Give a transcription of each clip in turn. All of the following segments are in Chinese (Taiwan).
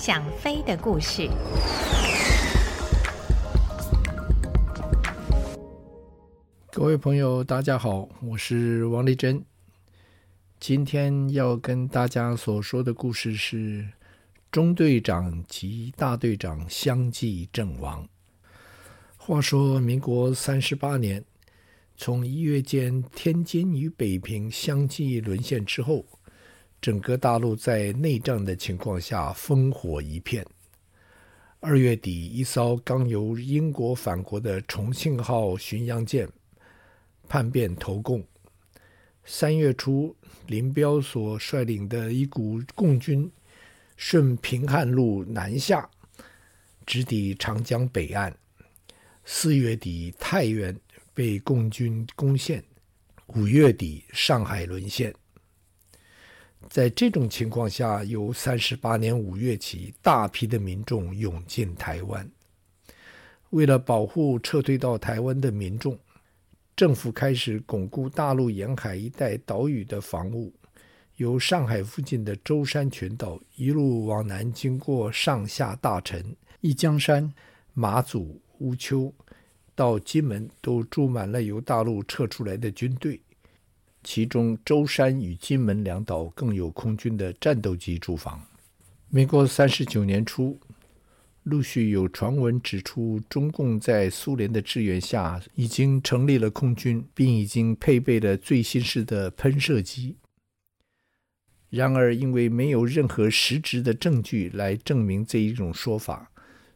想飛的故事。各位朋友，大家好，我是王麗珍。今天要跟大家所說的故事是：中隊長及大隊長相繼陣亡。話說，民國三十八年，從一月間天津與北平相繼淪陷之後。整個大陸在內戰的情況下烽火一片。二月底，一艘剛由英國返國的重慶號巡洋艦叛變投共。三月初，林彪所率領的一股共軍順平漢路南下，直抵長江北岸。四月底，太原被共軍攻陷。五月底，上海淪陷。在這種情況下，由三十八年五月起，大批的民眾湧進臺灣。為了保護撤退到臺灣的民眾，政府開始鞏固大陸沿海一帶島嶼的防務。由上海附近的舟山群島一路往南，經過上下大陳、一江山、馬祖、烏丘，到金門，都駐滿了由大陸撤出來的軍隊。其中，舟山與金門兩島更有空軍的戰鬥機駐防。民國三十九年初，陸續有傳聞指出，中共在蘇聯的支援下，已經成立了空軍，並已經配備了最新式的噴射機。然而，因為沒有任何實質的證據來證明這一種說法，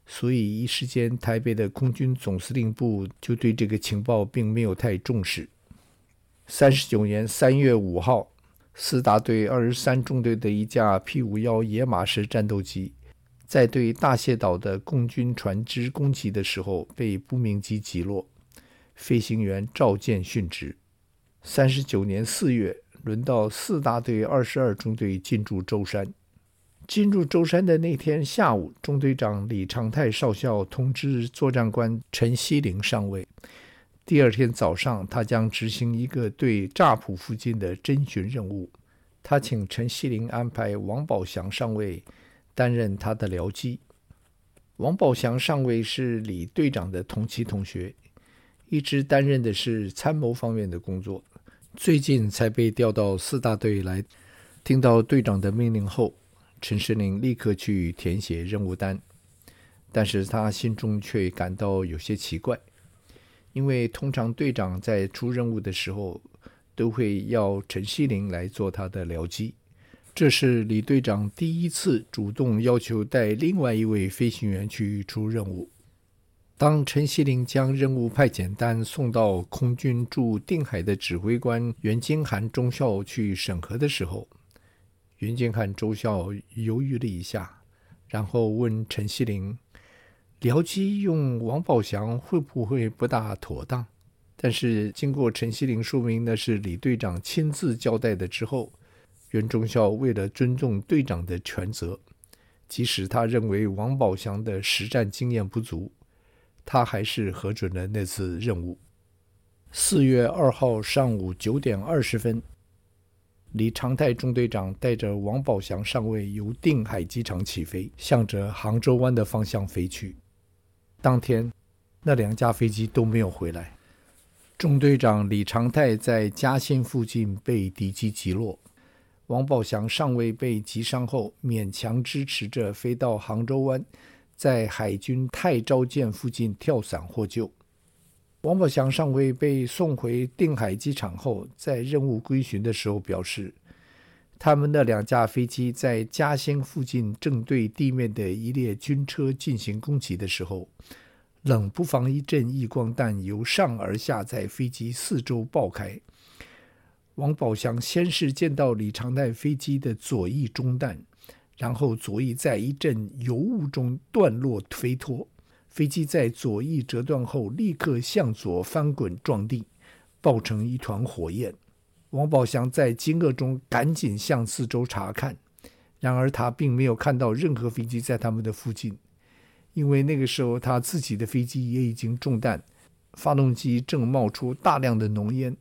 所以一時間，台北的空軍總司令部就對這個情報並沒有太重視。三十九年三月五號，四大隊二十三中隊的一架 P 五幺野馬式戰鬥機，在對大榭島的共軍船隻攻擊的時候被不明機擊落，飛行員趙健殉職。三十九年四月，輪到四大隊二十二中隊進駐舟山。進駐舟山的那天下午，中隊長李長泰少校通知作戰官陳錫林上尉。第二天早上，他將執行一個對乍浦附近的偵尋任務。他請陳錫林安排王寶祥上尉，上尉擔任他的僚機。王寶祥上尉是李隊長的同期同學，一直擔任的是參謀方面的工作，最近才被調到四大隊來。聽到隊長的命令後，陳錫林立刻去填寫任務單，但是他心中卻感到有些奇怪。因為通常隊長在出任務的時候，都會要陳錫林來做他的僚機。這是李隊長第一次主動要求帶另外一位飛行員去出任務。當陳錫林將任務派遣單送到空軍駐定海的指揮官袁金涵中校去審核的時候，袁金涵中校猶豫了一下，然後問陳錫林。僚機用王寶祥會不會不大妥當？但是經過陳錫林說明那是李隊長親自交代的之後，袁中校為了尊重隊長的權責，即使他認為王寶祥的實戰經驗不足，他還是核准了那次任務。四月二號上午九點二十分，李長泰中隊長帶着王寶祥上尉由定海機場起飛，向着杭州灣的方向飛去。當天，那兩架飛機都沒有回來。中隊長李長泰在嘉興附近被敵機擊落，王寶祥上尉被擊傷後，勉強支持着飛到杭州灣，在海軍太昭艦附近跳傘獲救。王寶祥上尉被送回定海機場後，在任務歸詢的時候表示，他們的兩架飛機在嘉興附近正對地面的一列軍車進行攻擊的時候。冷不防，一陣曳光彈由上而下，在飛機四周爆開。王寶祥先是見到李長泰飛機的左翼中彈，然後左翼在一陣油霧中斷落飛脫。飛機在左翼折斷後，立刻向左翻滾撞地，爆成一團火焰。王寶祥在驚愕中趕緊向四周查看，然而他並沒有看到任何飛機在他們的附近。因為那個時候他自己的飛機也已經中彈，發動機正冒出大量的濃煙，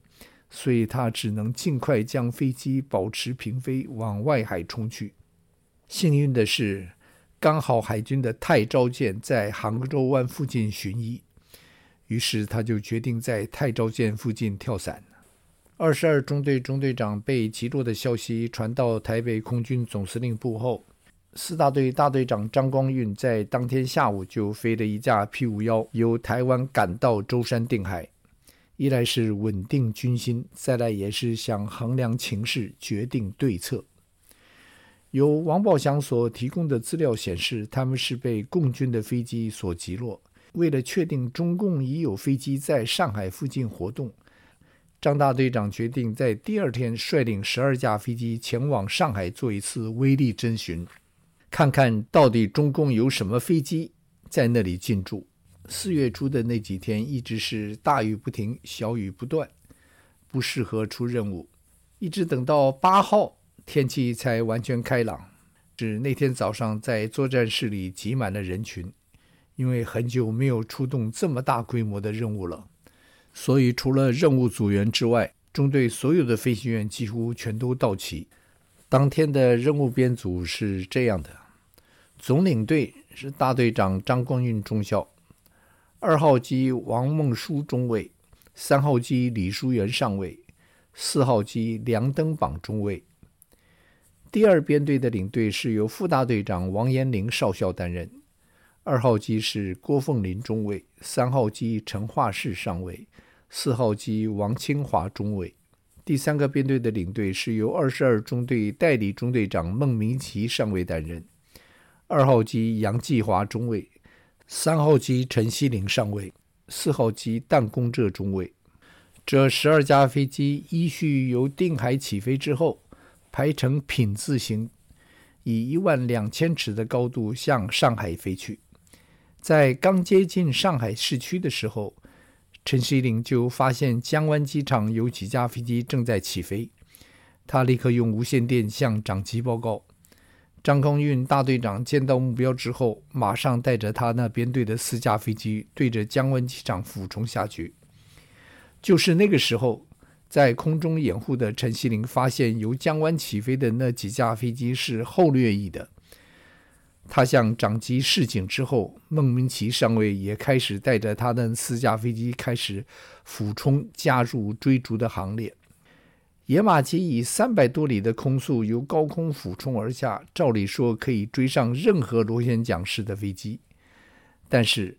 所以他只能儘快將飛機保持平飛往外海衝去。幸運的是，剛好海軍的太昭艦在杭州灣附近巡弋，於是他就決定在太昭艦附近跳傘。二十二中隊中隊長被擊落的消息傳到台北空軍總司令部後，四大隊大隊長張光運在當天下午就飛了一架 P51，由臺灣趕到舟山定海，一來是穩定軍心，再來也是想衡量情勢，決定對策。由王寶強所提供的資料顯示，他們是被共軍的飛機所擊落。為了確定中共已有飛機在上海附近活動，張大隊長決定在第二天率領十二架飛機前往上海做一次威力偵巡。看看到底中共有什麼飛機在那裡進駐？四月初的那幾天一直是大雨不停，小雨不斷，不適合出任務。一直等到八號，天氣才完全開朗。是那天早上，在作戰室裡擠滿了人群，因為很久沒有出動這麼大規模的任務了，所以除了任務組員之外，中隊所有的飛行員幾乎全都到齊。當天的任務編組是這樣的。總領隊是大隊長張光運中校，二號機王夢書中尉，三號機李淑媛上尉，四號機梁登榜中尉。第二編隊的領隊是由副大隊長王延齡少校擔任，二號機是郭鳳林中尉，三號機陳化士上尉，四號機王清華中尉。第三個編隊的領隊是由二十二中隊代理中隊長孟明奇上尉擔任。二號機楊繼華中尉，三號機陳錫齡上尉，四號機彈弓浙中尉，這十二架飛機依序由定海起飛之後，排成品字形，以一萬兩千尺的高度向上海飛去。在剛接近上海市區的時候，陳錫齡就發現江灣機場有幾架飛機正在起飛，他立刻用無線電向長機報告。張康運大隊長見到目標之後，馬上帶着他那編隊的四架飛機對着江灣機場俯衝下去。就是那個時候，在空中掩護的陳錫林發現由江灣起飛的那幾架飛機是後掠翼的，他向長機示警之後，孟明奇上尉也開始帶着他的四架飛機開始俯衝加入追逐的行列。野馬機以三百多里的空速由高空俯衝而下，照理說可以追上任何螺旋槳式的飛機。但是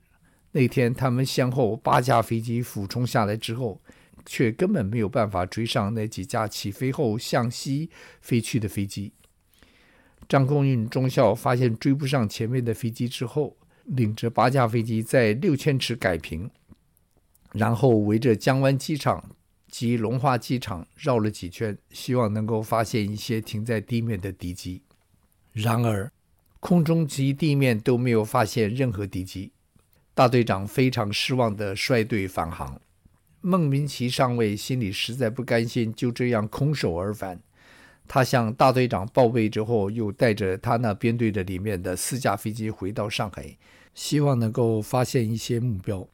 那天，他們先後八架飛機俯衝下來之後，卻根本沒有辦法追上那幾架起飛後向西飛去的飛機。張空運中校發現追不上前面的飛機之後，領着八架飛機在六千尺改平，然後圍着江灣機場。及龍華機場繞了幾圈，希望能夠發現一些停在地面的敵機。然而，空中及地面都沒有發現任何敵機。大隊長非常失望地率隊返航。孟明奇上尉心裡實在不甘心就這樣空手而返，他向大隊長報備之後，又帶着他那編隊的裡面的四架飛機回到上海，希望能夠發現一些目標。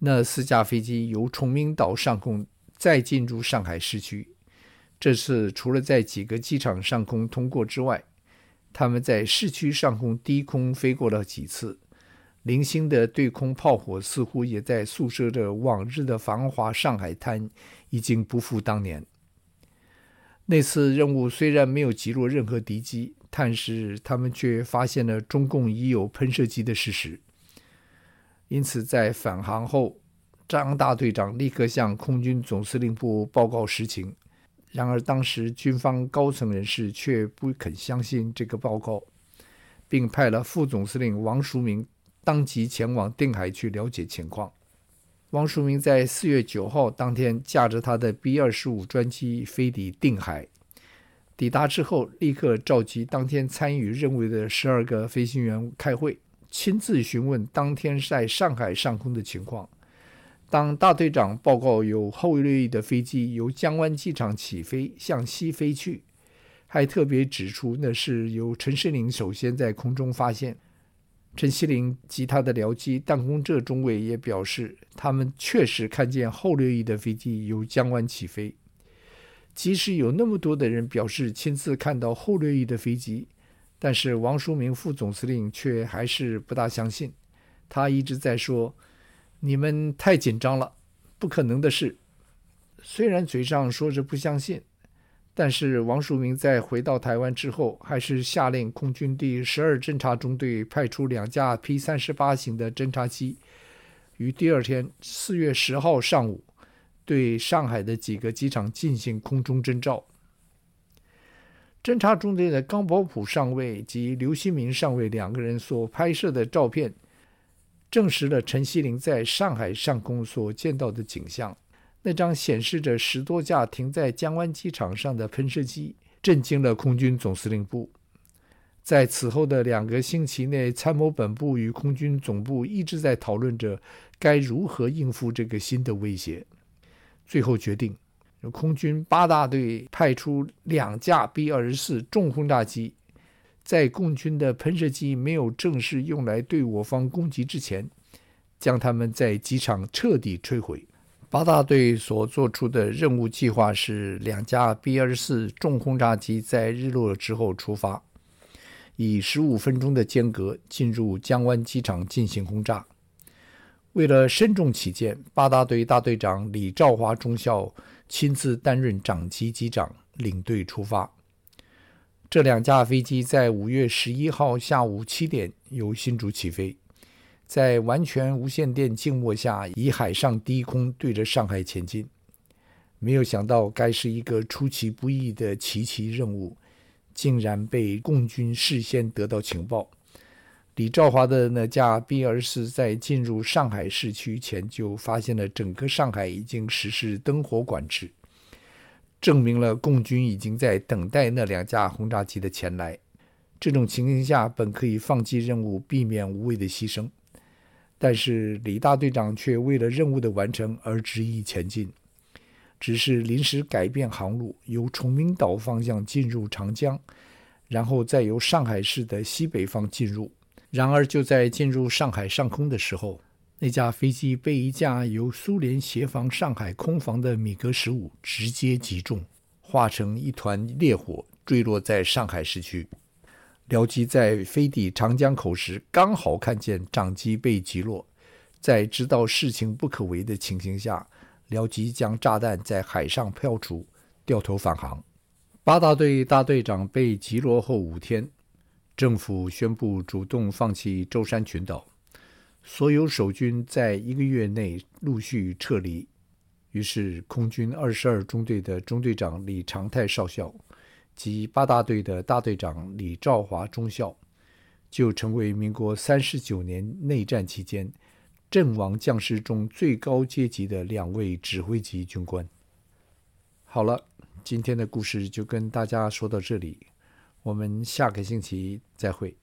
那四架飛機由崇明島上空再進入上海市區。這次除了在幾個機場上空通過之外，他們在市區上空低空飛過了幾次，零星的對空炮火似乎也在訴說着往日的繁華。上海灘已經不復當年。那次任務雖然沒有擊落任何敵機，但是他們卻發現了中共已有噴射機的事實。因此，在返航後，張大隊長立刻向空軍總司令部報告實情。然而，當時軍方高層人士卻不肯相信這個報告，並派了副總司令王叔銘當即前往定海去了解情況。王叔銘在四月九號當天駕着他的 B-25 專機飛抵定海，抵達之後，立刻召集當天參與任務的十二個飛行員開會。親自詢問當天在上海上空的情況。當大隊長報告，有後掠翼的飛機由江灣機場起飛向西飛去，還特別指出那是由陳錫林首先在空中發現。陳錫林及他的僚機彈弓浙中尉也表示，他們確實看見後掠翼的飛機由江灣起飛。即使有那麼多的人表示親自看到後掠翼的飛機，但是王叔銘副總司令卻還是不大相信，他一直在說：“你們太緊張了，不可能的事。”雖然嘴上說着不相信，但是王叔銘在回到台灣之後，還是下令空軍第十二偵察中隊派出兩架 P-38 型的偵察機，於第二天四月十號上午對上海的幾個機場進行空中偵察。偵察中隊的岡保普上尉及劉希明上尉兩個人所拍攝的照片，證實了陳錫林在上海上空所見到的景象。那張顯示着十多架停在江灣機場上的噴射機，震驚了空軍總司令部。在此後的兩個星期內，參謀本部與空軍總部一直在討論着該如何應付這個新的威脅。最後決定。空軍八大隊派出兩架 B 二十四重轟炸機，在共軍的噴射機沒有正式用來對我方攻擊之前，將它們在機場徹底摧毀。八大隊所做出的任務計劃是：兩架 B 二十四重轟炸機在日落之後出發，以十五分鐘的間隔進入江灣機場進行轟炸。為了慎重起見，八大隊大隊長李兆華中校。親自擔任長機機長，領隊出發。這兩架飛機在五月十一號下午七點由新竹起飛，在完全無線電靜默下，以海上低空對着上海前進。沒有想到，該是一個出其不意的奇襲任務，竟然被共軍事先得到情報。李兆華的那架 B-24 在進入上海市區前，就發現了整個上海已經實施燈火管制，證明了共軍已經在等待那兩架轟炸機的前來。這種情形下，本可以放棄任務，避免無謂的犧牲，但是李大隊長卻為了任務的完成而執意前進，只是臨時改變航路，由崇明島方向進入長江，然後再由上海市的西北方進入。然而，就在進入上海上空的時候，那架飛機被一架由蘇聯協防上海空防的米格十五直接擊中，化成一團烈火墜落在上海市區。僚機在飛抵長江口時，剛好看見長機被擊落，在知道事情不可為的情形下，僚機將炸彈在海上漂出，掉頭返航。八大隊大隊長被擊落後五天，政府宣布主動放棄舟山群島，所有守軍在一個月內陸續撤離。於是，空軍二十二中隊的中隊長李長泰少校及八大隊的大隊長李兆華中校，就成為民國三十九年內戰期間陣亡將士中最高階級的兩位指揮級軍官。好了，今天的故事就跟大家說到這裡。我們下個星期再會。